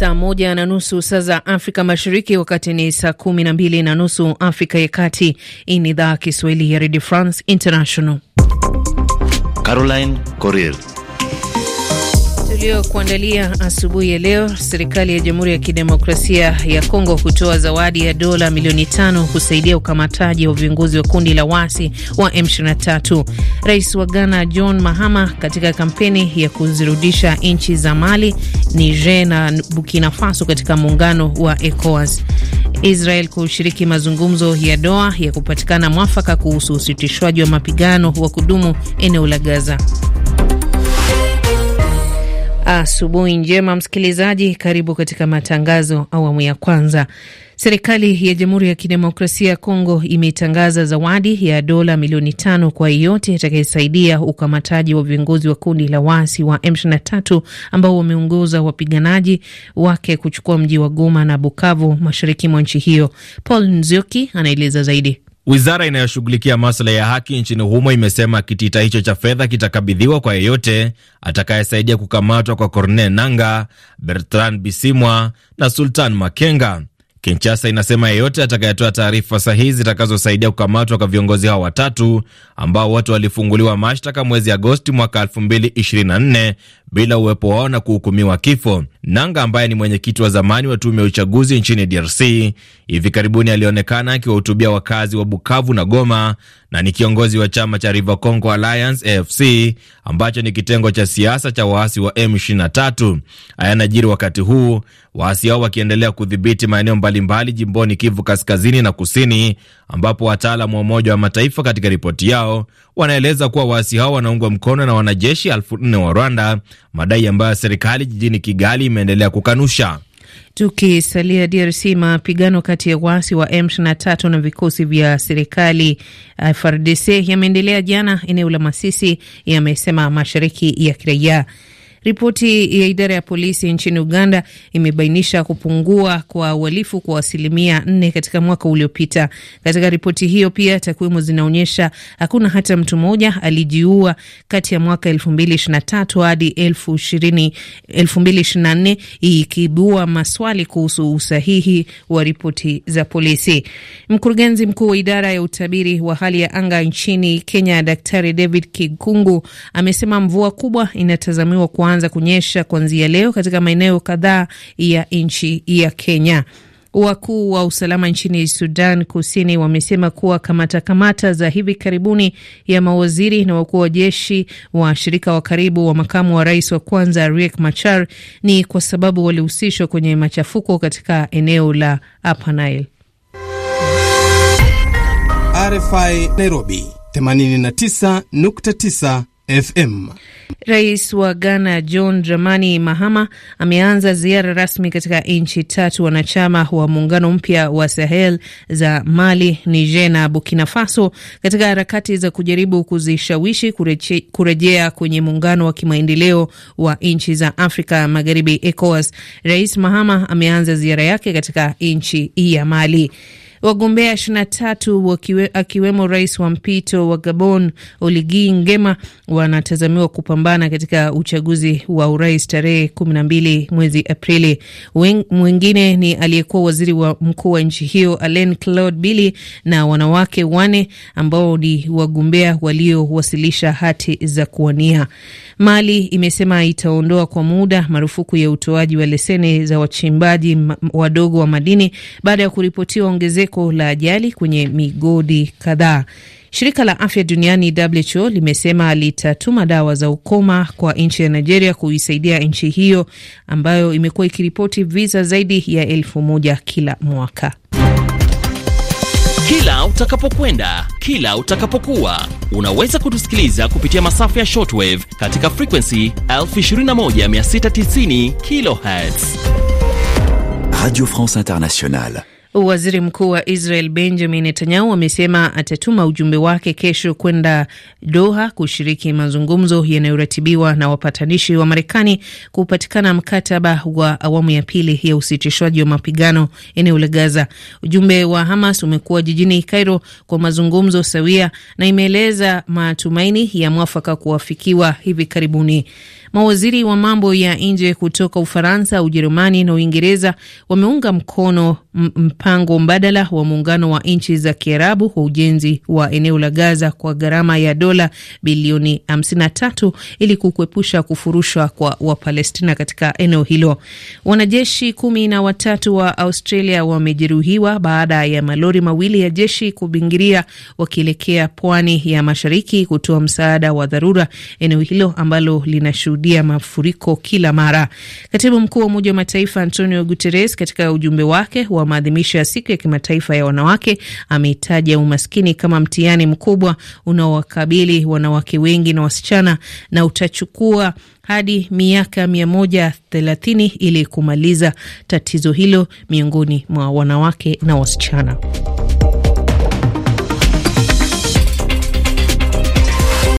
saa moja na nusu saa za Afrika Mashariki, wakati ni saa kumi na mbili na nusu Afrika ya Kati. Hii ni idhaa Kiswahili ya Redio France International. Caroline Coril tuliokuandalia asubuhi ya leo. Serikali ya Jamhuri ya Kidemokrasia ya Kongo kutoa zawadi ya dola milioni tano kusaidia ukamataji wa viongozi wa kundi la wasi wa M23. Rais wa Ghana John Mahama katika kampeni ya kuzirudisha nchi za Mali Niger na Burkina Faso katika muungano wa ECOWAS. Israel kushiriki mazungumzo ya Doha ya kupatikana mwafaka kuhusu usitishwaji wa mapigano wa kudumu eneo la Gaza. Asubuhi njema msikilizaji, karibu katika matangazo awamu ya kwanza. Serikali ya Jamhuri ya Kidemokrasia ya Kongo imetangaza zawadi ya dola milioni tano kwa yeyote atakayesaidia ukamataji wa viongozi wa kundi la waasi wa M23 ambao wameongoza wapiganaji wake kuchukua mji wa Goma na Bukavu mashariki mwa nchi hiyo. Paul Nzioki anaeleza zaidi. Wizara inayoshughulikia maswala ya haki nchini humo imesema kitita hicho cha fedha kitakabidhiwa kwa yeyote atakayesaidia kukamatwa kwa Corne Nanga, Bertrand Bisimwa na Sultan Makenga kinchasa inasema yeyote atakayetoa taarifa sahihi zitakazosaidia kukamatwa kwa viongozi hao watatu ambao wote walifunguliwa mashtaka mwezi Agosti mwaka 2024 bila uwepo wao na kuhukumiwa kifo. Nanga ambaye ni mwenyekiti wa zamani wa tume ya uchaguzi nchini DRC hivi karibuni alionekana akiwahutubia wakazi wa Bukavu na Goma na ni kiongozi wa chama cha River Congo Alliance AFC ambacho ni kitengo cha siasa cha waasi wa M23. ayanajiri wakati huu waasi hao wakiendelea kudhibiti maeneo mbalimbali jimboni Kivu kaskazini na kusini, ambapo wataalamu wa Umoja wa Mataifa katika ripoti yao wanaeleza kuwa waasi hao wanaungwa mkono na wanajeshi elfu nne wa Rwanda, madai ambayo serikali jijini Kigali imeendelea kukanusha. Tukisalia DRC, mapigano kati ya waasi wa M23 na vikosi vya serikali eh, frdc yameendelea jana eneo la Masisi, yamesema mashariki ya kiraia. Ripoti ya idara ya polisi nchini Uganda imebainisha kupungua kwa uhalifu kwa asilimia nne katika mwaka uliopita. Katika ripoti hiyo pia, takwimu zinaonyesha hakuna hata mtu mmoja alijiua kati ya mwaka elfu mbili ishirini na tatu hadi elfu mbili ishirini na nne ikibua maswali kuhusu usahihi wa ripoti za polisi. Mkurugenzi mkuu wa idara ya utabiri wa hali ya anga nchini Kenya, Daktari David Kikungu amesema mvua kubwa inatazamiwa kwa kuanza kunyesha kuanzia leo katika maeneo kadhaa ya nchi ya Kenya. Wakuu wa usalama nchini Sudan Kusini wamesema kuwa kamata kamata za hivi karibuni ya mawaziri na wakuu wa jeshi shirika wa karibu wa makamu wa rais wa kwanza Riek Machar ni kwa sababu walihusishwa kwenye machafuko katika eneo la Upper Nile. RFI Nairobi 89.9 FM. Rais wa Ghana John Dramani Mahama ameanza ziara rasmi katika nchi tatu wanachama wa muungano mpya wa Sahel za Mali, Niger na Burkina Faso katika harakati za kujaribu kuzishawishi kureche, kurejea kwenye muungano wa kimaendeleo wa nchi za Afrika Magharibi ECOWAS. Rais Mahama ameanza ziara yake katika nchi hii ya Mali. Wagombea 23 akiwemo rais wa mpito wa Gabon Oligi Ngema wanatazamiwa kupambana katika uchaguzi wa urais tarehe 12 mwezi Aprili. Mwingine ni aliyekuwa waziri wa mkuu wa nchi hiyo Alain Claude Billy na wanawake wane ambao ni wagombea waliowasilisha hati za kuwania. Mali imesema itaondoa kwa muda marufuku ya utoaji wa leseni za wachimbaji wadogo wa madini baada ya kuripotiwa ongezeko ongezeko la ajali kwenye migodi kadhaa. Shirika la afya duniani WHO limesema litatuma dawa za ukoma kwa nchi ya Nigeria kuisaidia nchi hiyo ambayo imekuwa ikiripoti visa zaidi ya elfu moja kila mwaka. Kila utakapokwenda, kila utakapokuwa, unaweza kutusikiliza kupitia masafa ya shortwave katika frequency 21690 kilohertz. Radio France Internationale. Waziri Mkuu wa Israel Benjamin Netanyahu amesema atatuma ujumbe wake kesho kwenda Doha kushiriki mazungumzo yanayoratibiwa na wapatanishi wa Marekani kupatikana mkataba wa awamu ya pili ya usitishwaji wa mapigano eneo la Gaza. Ujumbe wa Hamas umekuwa jijini Cairo kwa mazungumzo sawia na imeeleza matumaini ya mwafaka kuwafikiwa hivi karibuni. Mawaziri wa mambo ya nje kutoka Ufaransa, Ujerumani na Uingereza wameunga mkono mpango mbadala wa muungano wa nchi za Kiarabu wa ujenzi wa eneo la Gaza kwa gharama ya dola bilioni 53 ili kukuepusha kufurushwa kwa Wapalestina katika eneo hilo. Wanajeshi kumi na watatu wa Australia wamejeruhiwa baada ya malori mawili ya jeshi kubingiria wakielekea pwani ya mashariki kutoa msaada wa dharura eneo hilo ambalo linashuhudia mafuriko kila mara. Katibu mkuu wa Umoja wa Mataifa Antonio Guterres katika ujumbe wake wa wa maadhimisho ya siku ya kimataifa ya wanawake ameitaja umaskini kama mtihani mkubwa unaowakabili wanawake wengi na wasichana na utachukua hadi miaka mia moja thelathini ili kumaliza tatizo hilo miongoni mwa wanawake na wasichana.